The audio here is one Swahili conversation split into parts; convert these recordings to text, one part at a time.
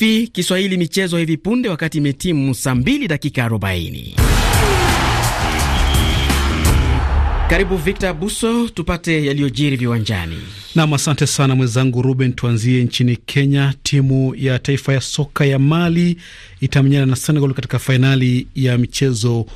RFI Kiswahili michezo hivi punde, wakati imetimu saa 2 dakika 40. Karibu Victor Buso, tupate yaliyojiri viwanjani. Nam, asante sana mwenzangu Ruben. Tuanzie nchini Kenya. Timu ya taifa ya soka ya Mali itamenyana na Senegal katika fainali ya michezo uh,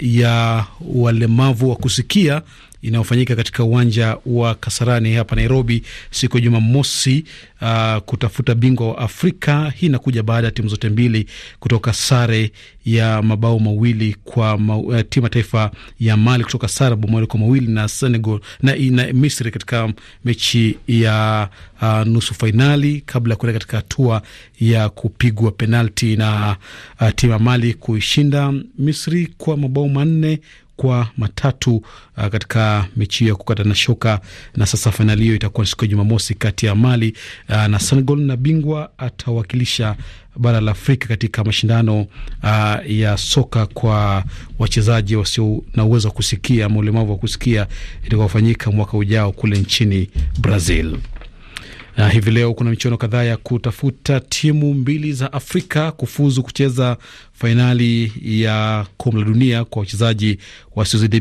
ya walemavu wa kusikia inayofanyika katika uwanja wa Kasarani hapa Nairobi siku ya Jumamosi uh, kutafuta bingwa wa Afrika. Hii inakuja baada ya timu zote mbili kutoka sare ya mabao mawili kwa ma, uh, timu ya taifa ya Mali kutoka sare mabao mawili kwa mawili na Senegal na, na Misri katika mechi ya uh, nusu fainali kabla ya kuenda katika hatua ya kupigwa penalti na uh, timu ya Mali kuishinda Misri kwa mabao manne kwa matatu uh, katika mechi ya kukata na shoka. Na sasa fainali hiyo itakuwa siku ya Jumamosi kati ya Mali uh, na Senegal, na bingwa atawakilisha bara la Afrika katika mashindano uh, ya soka kwa wachezaji wasio na uwezo wa kusikia ama ulemavu wa kusikia itakaofanyika mwaka ujao kule nchini Brazil. Na hivi leo kuna michuano kadhaa ya kutafuta timu mbili za Afrika kufuzu kucheza fainali ya kombe la dunia kwa wachezaji wasiozidi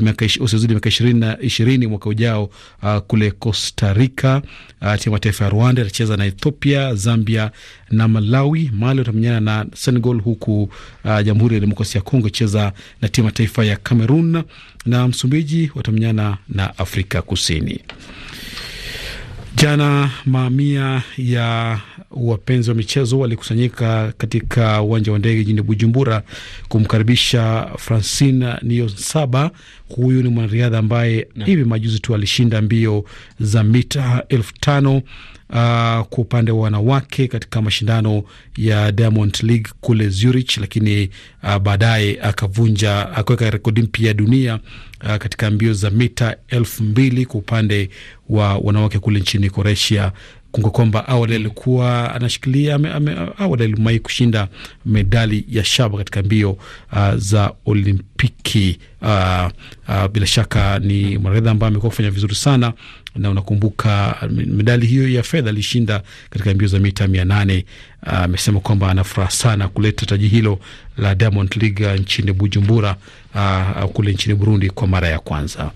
miaka ishirini mwaka ujao. Uh, kule Costa Rica uh, timu ya taifa ya Rwanda itacheza na Ethiopia, Zambia na Malawi. Mali utamenyana na Senegal, huku uh, Jamhuri ya Demokrasia ya Kongo icheza na timu ya taifa ya Cameroon, na Msumbiji watamenyana na Afrika Kusini. Jana mamia ya wapenzi wa michezo walikusanyika katika uwanja wa ndege jijini Bujumbura kumkaribisha Francine Niyonsaba. Huyu ni mwanariadha ambaye hivi majuzi tu alishinda mbio za mita elfu tano Uh, kwa upande wa wanawake katika mashindano ya Diamond League kule Zurich, lakini uh, baadaye akavunja akaweka rekodi mpya ya dunia uh, katika mbio za mita elfu mbili kwa upande wa wanawake kule nchini Croatia. Kumbuka kwamba awali alikuwa anashikilia awali alimai kushinda medali ya shaba katika mbio uh, za Olimpiki. Uh, uh, bila shaka ni mwanariadha ambaye amekuwa kufanya vizuri sana, na unakumbuka medali hiyo ya fedha alishinda katika mbio za mita mia nane. Uh, amesema uh, kwamba anafuraha sana kuleta taji hilo la Diamond League nchini Bujumbura, uh, kule nchini Burundi kwa mara ya kwanza.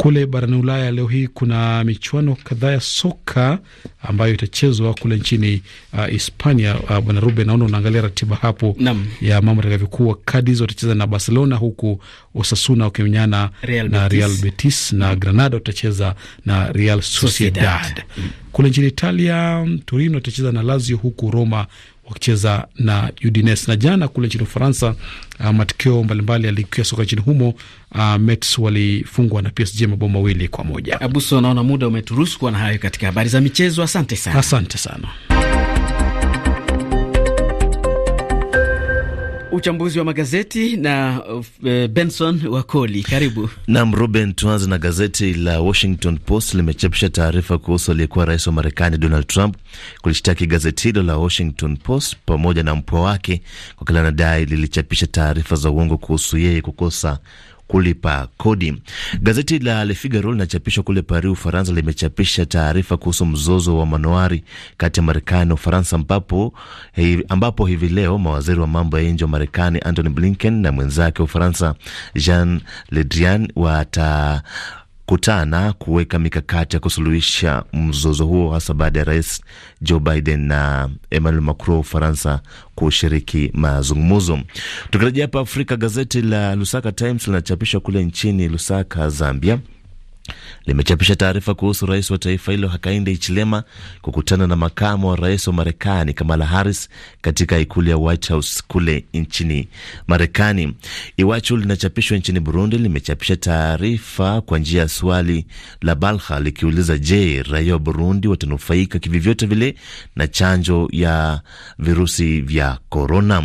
Kule barani Ulaya leo hii kuna michuano kadhaa ya soka ambayo itachezwa kule nchini uh, Hispania. Uh, uh, bwana Ruben, naona unaangalia ratiba hapo Nam. ya mambo atakavyokuwa. Cadiz watacheza na Barcelona, huku Osasuna wakimenyana na Real Betis na Granada watacheza na Real Sociedad. Sociedad. Kule nchini Italia, mm, Torino watacheza na Lazio, huku Roma wakicheza na Udinese. Na jana kule nchini Ufaransa, uh, ah, matokeo mbalimbali yalikia soka nchini humo. Uh, Mets walifungwa na PSG mabao mawili kwa moja. Abuso, naona muda umeturuhusu kuwa na hayo katika habari za michezo. Asante sana, asante sana. uchambuzi wa magazeti na uh, Benson Wakoli, karibu. nam Ruben, tuanze na gazeti la Washington Post limechapisha taarifa kuhusu aliyekuwa rais wa Marekani Donald Trump kulishtaki gazeti hilo la Washington Post pamoja na mpwa wake kwa kila nadai lilichapisha taarifa za uongo kuhusu yeye kukosa kulipa kodi. Gazeti la Le Figaro linachapishwa kule Paris, Ufaransa, limechapisha taarifa kuhusu mzozo wa manowari kati ya Marekani na Ufaransa, ambapo, ambapo hivi leo mawaziri wa mambo ya nje wa Marekani Antony Blinken na mwenzake wa Ufaransa Jean Le Drian wata kutana kuweka mikakati ya kusuluhisha mzozo huo hasa baada ya rais Joe Biden na Emmanuel Macron wa Ufaransa kushiriki mazungumzo. Tukirejea hapa Afrika, gazeti la Lusaka Times linachapishwa kule nchini Lusaka, Zambia limechapisha taarifa kuhusu rais wa taifa hilo Hakainde Hichilema kukutana na makamu wa rais wa Marekani Kamala Harris katika ikulu ya White House kule nchini Marekani. Iwachu linachapishwa nchini Burundi limechapisha taarifa kwa njia ya swali la balha likiuliza, je, raia wa Burundi watanufaika kivyovyote vile na chanjo ya virusi vya korona?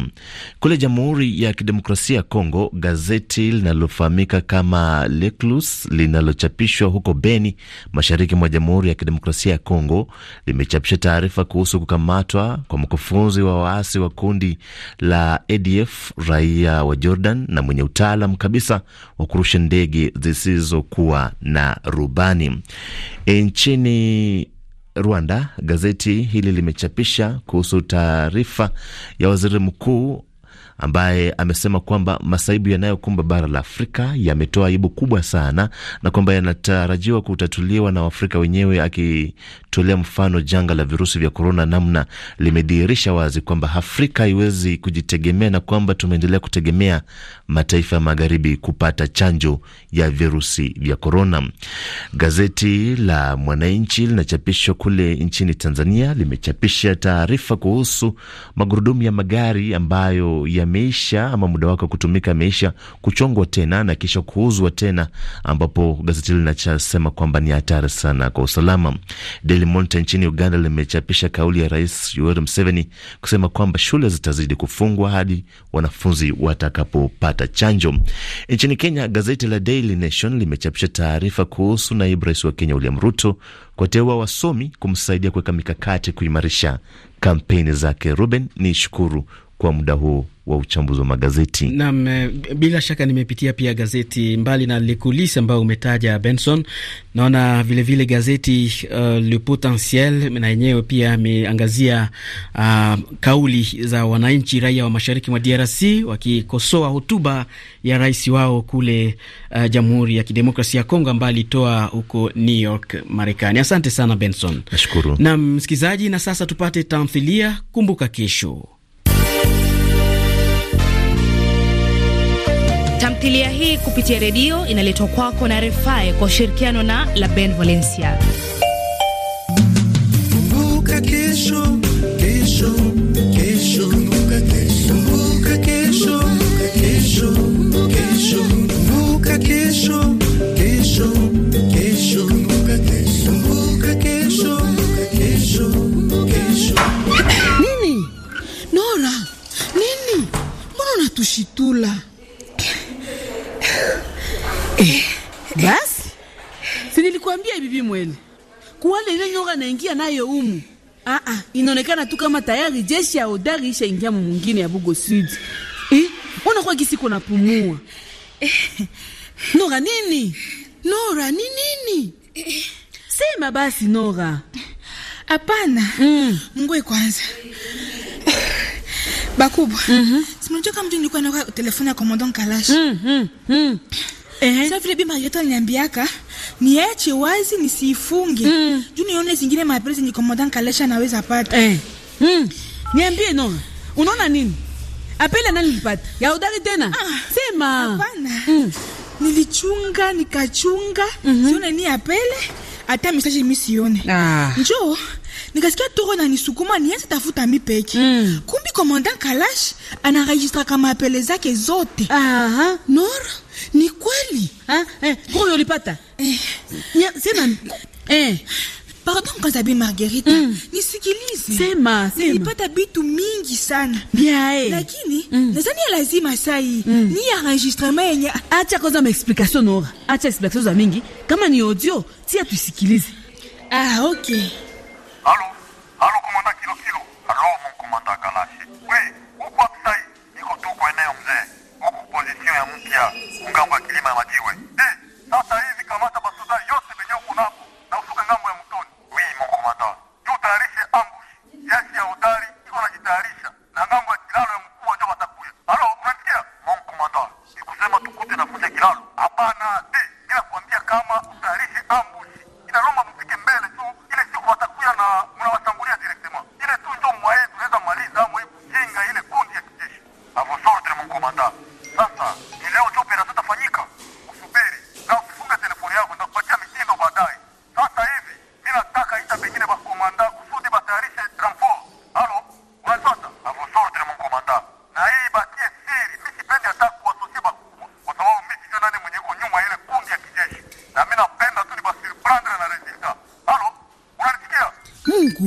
Kule Jamhuri ya Kidemokrasia ya Kongo, gazeti linalofahamika kama Leclus linalochapishwa kuapishwa huko Beni, mashariki mwa Jamhuri ya Kidemokrasia ya Kongo, limechapisha taarifa kuhusu kukamatwa kwa mkufunzi wa waasi wa kundi la ADF raia wa Jordan na mwenye utaalam kabisa wa kurusha ndege zisizokuwa na rubani. E, nchini Rwanda, gazeti hili limechapisha kuhusu taarifa ya waziri mkuu ambaye amesema kwamba masaibu yanayokumba bara la Afrika yametoa aibu kubwa sana na kwamba yanatarajiwa kutatuliwa na Waafrika wenyewe, akitolea mfano janga la virusi vya korona, namna limedhihirisha wazi kwamba Afrika haiwezi kujitegemea na kwamba tumeendelea kutegemea mataifa ya magharibi kupata chanjo ya virusi vya korona. Gazeti la Mwananchi linachapishwa kule nchini Tanzania limechapisha taarifa kuhusu magurudumu ya magari ambayo ya yameisha ama muda wake wa kutumika ameisha, kuchongwa tena na kisha kuuzwa tena, ambapo gazeti hili linachosema kwamba ni hatari sana kwa usalama. Daily Monitor nchini Uganda limechapisha kauli ya Rais Yoweri Museveni kusema kwamba shule zitazidi kufungwa hadi wanafunzi watakapopata chanjo. Nchini Kenya, gazeti la Daily Nation limechapisha taarifa kuhusu naibu rais wa Kenya William Ruto kuwateua wasomi kumsaidia kuweka mikakati kuimarisha kampeni zake. Ruben ni shukuru kwa muda huu wa uchambuzi wa magazeti. Naam, eh, bila shaka nimepitia pia gazeti mbali na Le ambayo umetaja Benson, naona vilevile vile gazeti uh, Le Potentiel na yenyewe pia ameangazia uh, ah, kauli za wananchi raia wa mashariki mwa DRC wakikosoa hotuba ya rais wao kule uh, Jamhuri ya Kidemokrasia ya Kongo ambayo alitoa huko New York Marekani. Asante sana Benson. Nashukuru. Naam msikilizaji, na sasa tupate tamthilia Kumbuka Kesho. Tamthilia hii kupitia redio inaletwa kwako na Refai kwa ushirikiano na La Ben Valencia. Kumbuka kesho Rwanda ile nyoka naingia nayo humu. Ah ah, inaonekana tu kama tayari jeshi ya Odari ishaingia mwingine ya Bugo Sud. Eh, unakuwa kisiko kuna pumua. Eh. Nora nini? Nora ni nini? Sema basi Nora. Hapana. Mm. Ngoe kwanza. Bakubwa. Mhm. Mm Simjua kama mtu nilikuwa na telefoni ya Commandant Kalash. Mhm. Mm mhm. Mm eh. Sasa vile bima yote aliniambiaka niache wazi nisiifunge mm. juu nione zingine mapresi ni commandant Kalesha naweza pata eh. mm. niambie no unaona nini apele nani nilipata ya udari tena ah, sema hapana mm. nilichunga nikachunga mm -hmm. sione ni apele hata misaje misione ah. njoo nikasikia toro na nisukuma nianze tafuta mipeke mm. Kumbi komandant Kalash anaregistra kama apele zake zote. Aha. Nora, ni kweli eh, kuro yolipata eh. Nya, sema eh. Pardon Kazabi Margarita, mm. nisikilize. Sema, sema. Nilipata bitu mingi sana. Biae. Eh. Lakini mm. nadhani ya lazima sai mm. ni ya enregistrement yenye. Acha kwanza maexplication Nora. Acha explication za mingi. Kama ni audio, tia tusikilize. Ah, okay. Allô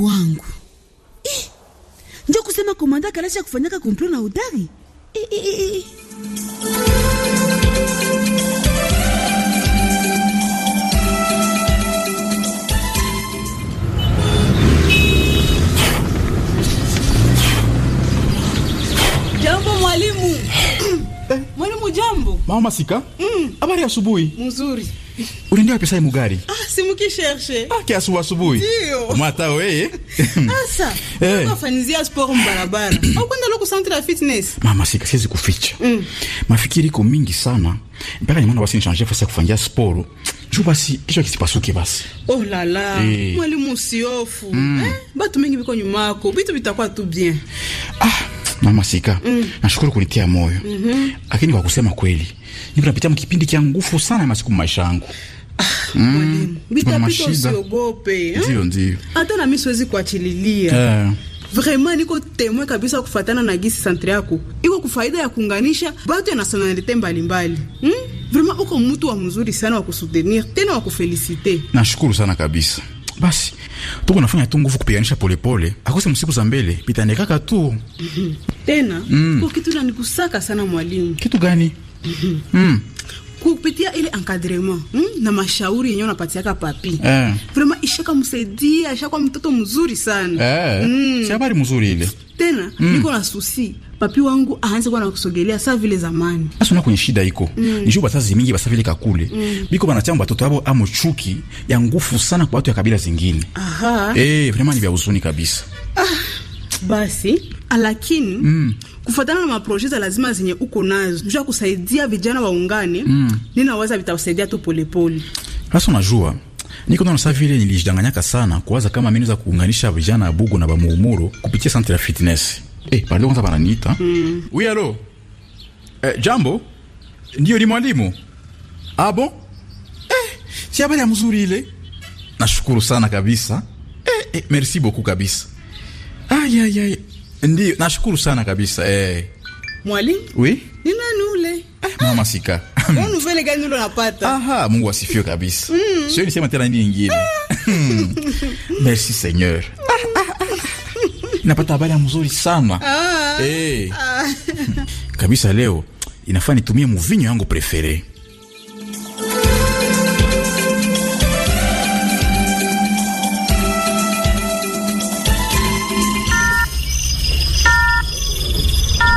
wangu. Eh, ndio kusema komanda ya kufanyaka komplo na udari. Eh, eh, eh, jambo mwalimu. Mwalimu jambo. Mama Masika. Mm. Habari asubuhi. Mzuri unaendea wapi ya mugari? Ah, simukisherche ah, kiasu asubuhi mata weye ah, sasa hey. Eh. Nafanyizia sport mbarabara au kwenda loko centre ya fitness mama, sika siwezi kuficha mm. Mafikiri iko mingi sana mpaka nimeona basi nishanje fasi ya kufanyia sport juu basi kichwa kisipasuke basi. Oh la la, eh. mwalimu usiofu mm. Eh, batu mingi biko nyuma yako, bitu bitakuwa tu bien ah Mama Sika, mm. nashukuru kunitia moyo mm -hmm. Lakini kwa kusema kweli, niko napitia kipindi cha nguvu sana ya masiku maisha yangu ah, mm. eh? Ndio, ndio, hata na siwezi kuachililia eh. Vraiment niko temoin kabisa kufatana na gisi santre yako iko kufaida ya kuunganisha batu ya nationalite mbalimbali mm? Vraiment uko mtu wa mzuri sana wa kusutenir tena wa kufelicite. Nashukuru sana kabisa. Basi tuko nafanya tu nguvu kupiganisha polepole, akose msiku za mbele pitanekaka tu tena mm. Kwa kitu nikusaka sana mwalimu, kitu gani? mm. kupitia ile encadrement mm, na mashauri yenyewe unapatiaka papi eh. Vraiment ishaka msaidia, ishaka mtoto mzuri sana eh. mm. si habari mzuri ile tena mm. niko na susi papi wangu aanze kuwa nakusogelea saa vile zamani. Asa una kwenye shida iko. Mm. nijuu bazazi mingi basa vile kakule. Mm. Biko banachamba batoto wao amo chuki ya ngufu sana kwa watu ya kabila zingine. Aha. Eh, vrema ni vya huzuni kabisa. Ah, basi lakini mm. kufatana na maproje za lazima zenye uko nazo jua kusaidia vijana waungane mm. ninaweza vitawasaidia tu polepole. Sasa unajua niko na sasa vile nilijidanganyaka sana kuwaza kama mimi naweza kuunganisha vijana wa Bugo na Bamuumuro kupitia Centre ya Fitness eh, pale kwanza bananiita mm. Oui, alo eh, jambo. Ndiyo, ni mwalimu abo. Eh, si habari ya mzuri ile. Nashukuru sana kabisa eh, eh, merci beaucoup kabisa. Ay, ay, ay. Ndiyo, nashukuru sana kabisa eh. Mwalimu? Oui? Ni nani ule? Eh, mama sika. Kwa nouvelle gani ndo napata? Aha, Mungu asifiwe kabisa. Mm. Sio nisema tena nini nyingine. Hmm. Merci Seigneur napata habari mzuri sana ah, hey. ah. Eh. kabisa leo inafaa nitumie muvinyo yangu prefere.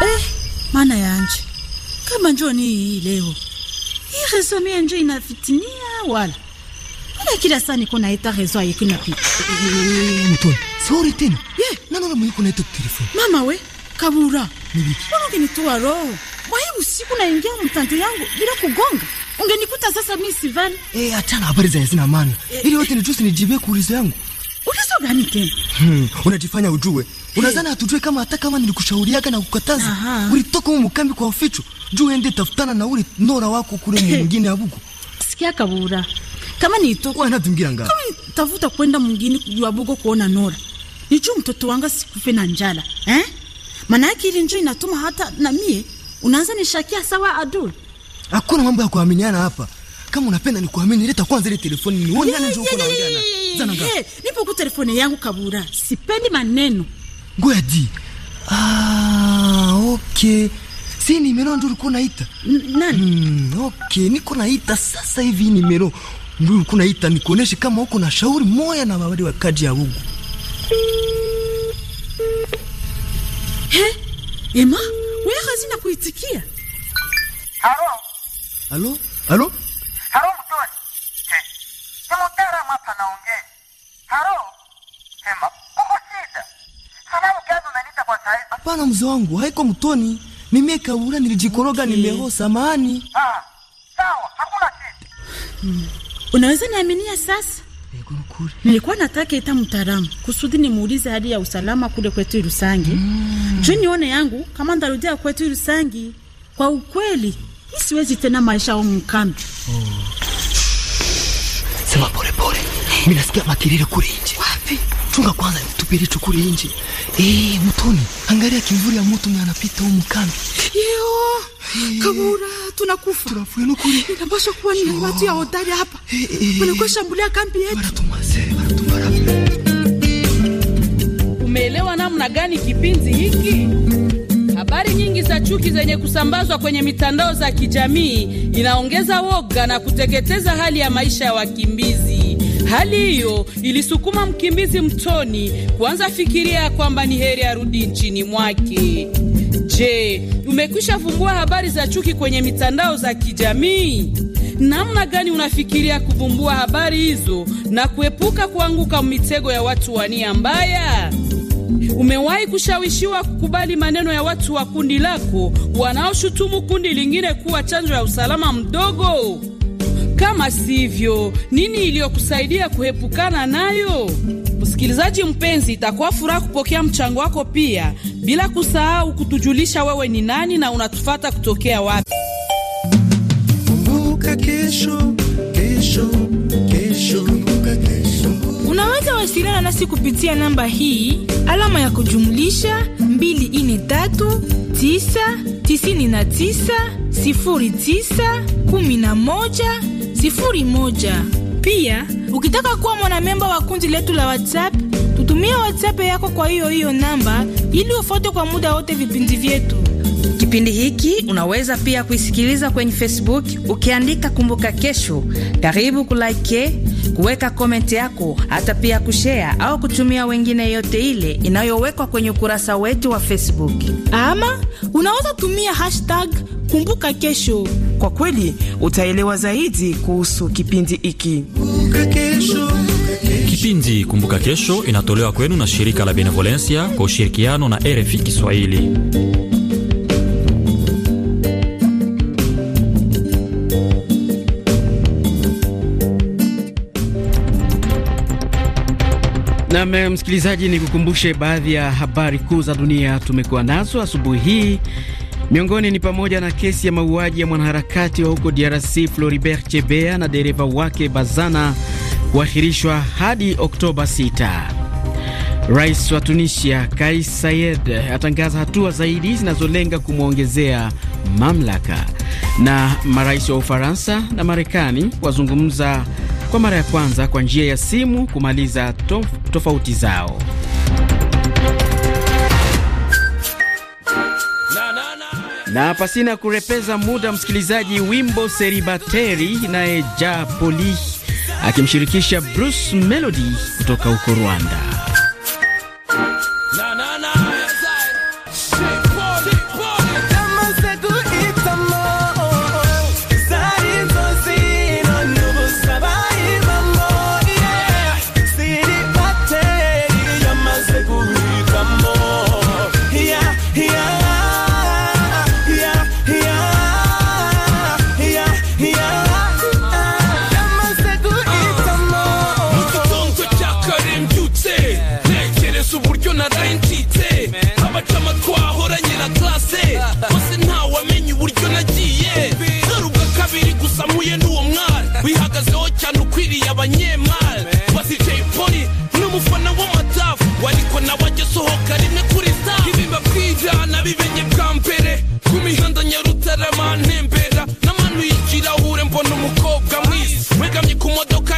Eh, mana yanje kama njoni hii leo hii resomia njo inafitinia wala wala, kila saa niko na eta rezo ayekina pita eh, saury tena ye nanona mwikonaitok telefoni mama we Kabura, mbona ungenitoa roho? Kwa hii usiku naingia mtandao yangu bila kugonga, ungenikuta sasa mi sivani. Eh, achana habari za hazina maana. E, eh. ili wote ni juzi nijibie kuulizo yangu. Ulizo gani tena? Hmm, unajifanya ujue. Unazana eh. atujue kama hata kama nilikushauriaga na kukataza. Ulitoka huko mkambi kwa uficho. Juu ende tafutana na ule nora wako kule eh. mwingine abuko. Sikia Kabura. Kama nitoka. Wana tungira ngapi? Kama nitafuta kwenda mwingine kujua bugo kuona nora nijue mtoto wangu asikufe na njala eh? Maana yake ile njoo inatuma hata na mie unaanza nishakia sawa Abdul. Hakuna mambo ya kuaminiana hapa. Kama unapenda ni kuamini leta kwanza ile telefoni nione nani njoo kuna naongea na. Zananga. Nipo kwa telefoni yangu kabura. Sipendi maneno. Ngoja di. Ah, okay. Si ni mero ndo ulikuwa naita Nani? Mm, okay, niko naita sasa hivi ni mero Ndio ulikuwa naita nikuoneshe kama uko na shauri moya na wale kadi ya ugu He, Emma, wewe hazina kuitikia. Halo. Halo? Halo? Halo mtoni. He. Kama tara mapa naongea. Halo. Emma, uko shida. Halafu kazi unaniita kwa saizi. Hapana mzee wangu, haiko mtoni. Mimi kaura nilijikoroga okay. Nimeho samani. Ah. Sawa, hakuna shida. Hmm. Unaweza niaminia sasa? kule. Nilikuwa nataka ita mtaalamu kusudi nimuulize hali ya usalama kule kwetu Irusangi mm. juu nione yangu kama ndarudia kwetu Irusangi. Kwa ukweli siwezi tena maisha au mkambi oh. Sema pole pole, eh. mimi nasikia makiriri kule nje. Wapi? Chunga kwanza tupili tukule nje. Eh, mtoni, angalia kimvuri ya mtu mwenye anapita huko mkambi. Yo! kamura tunakufa. Tunafuya nukuri. Inapaswa kuwa ni watu ya hodari hapa. Eh, eh, eh. Walikuwa shambulia kambi yetu. Wanatumase, wanatumara. Umeelewa namna gani kipindi hiki? Habari nyingi za chuki zenye kusambazwa kwenye mitandao za kijamii inaongeza woga na kuteketeza hali ya maisha ya wakimbizi. Hali hiyo ilisukuma mkimbizi mtoni kuanza fikiria kwamba ni heri arudi nchini mwake. Je, umekwisha vumbua habari za chuki kwenye mitandao za kijamii? Namna gani unafikiria kuvumbua habari hizo na kuepuka kuanguka mitego ya watu wa nia mbaya? Umewahi kushawishiwa kukubali maneno ya watu wa kundi lako wanaoshutumu kundi lingine kuwa chanzo ya usalama mdogo? Kama sivyo, nini iliyokusaidia kuhepukana nayo? Msikilizaji mpenzi, itakuwa furaha kupokea mchango wako pia bila kusahau kutujulisha wewe ni nani na unatufata kutokea wapi. Kumbuka kesho, kesho, kesho, kumbuka kesho. Unaweza wasiliana nasi kupitia namba hii alama ya kujumlisha 01. Pia ukitaka kuwa mwanamemba wa kundi letu la WhatsApp tutumia WhatsApp yako kwa hiyo hiyo namba ili ufuate kwa muda wote vipindi vyetu. Kipindi hiki unaweza pia kuisikiliza kwenye Facebook ukiandika Kumbuka Kesho. Karibu kulike, kuweka komenti yako, hata pia kushea au kutumia wengine yote ile inayowekwa kwenye ukurasa wetu wa Facebook. Ama unaweza tumia hashtag Kumbuka Kesho. Kwa kweli utaelewa zaidi kuhusu kipindi hiki. Kumbuka Kesho. Kipindi Kumbuka Kesho inatolewa kwenu na shirika la Benevolencia kwa ushirikiano na RFI Kiswahili. Nam msikilizaji, ni kukumbushe baadhi ya habari kuu za dunia tumekuwa nazo asubuhi hii. Miongoni ni pamoja na kesi ya mauaji ya mwanaharakati wa huko DRC Floribert Chebea na dereva wake Bazana kuahirishwa hadi Oktoba 6. Rais wa Tunisia Kais Saied atangaza hatua zaidi zinazolenga kumwongezea mamlaka. Na marais wa Ufaransa na Marekani wazungumza kwa mara ya kwanza kwa njia ya simu kumaliza tof tofauti zao. na pasina kurepeza muda, msikilizaji, wimbo Seribateri naye Ja akimshirikisha Bruce Melody kutoka huko Rwanda.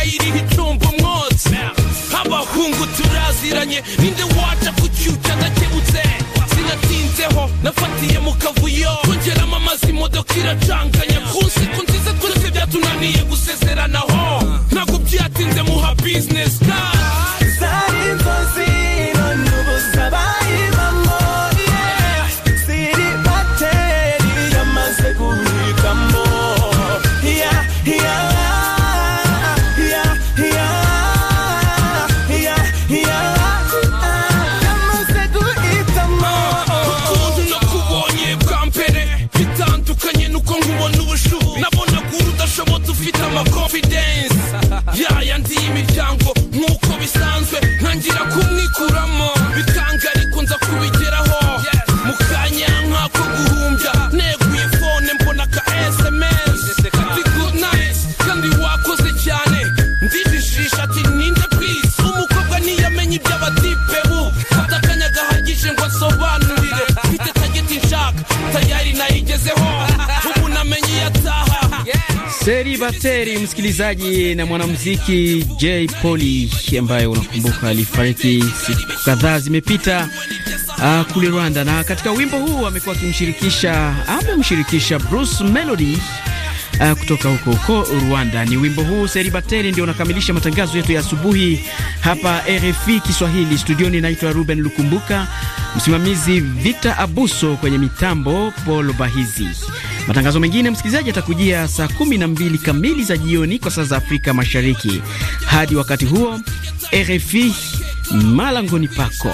sayiriho icumba umwotsi abahungu turaziranye ninde waca kucyuca ndakebutse sinatinzeho nafatiye mu kavuyo kongeramo amazi imodoka iraca heri msikilizaji na mwanamuziki J Poli ambaye unakumbuka alifariki siku kadhaa zimepita uh, kule Rwanda, na katika wimbo huu amekuwa akimshirikisha amemshirikisha Bruce Melody uh, kutoka huko huko Rwanda. Ni wimbo huu Seri ndio unakamilisha matangazo yetu ya asubuhi hapa RFI Kiswahili. Studioni naitwa Ruben Lukumbuka, msimamizi Vita Abuso, kwenye mitambo Paul Bahizi. Matangazo mengine msikilizaji atakujia saa 12 kamili za jioni kwa saa za Afrika Mashariki. Hadi wakati huo, RFI malangoni pako.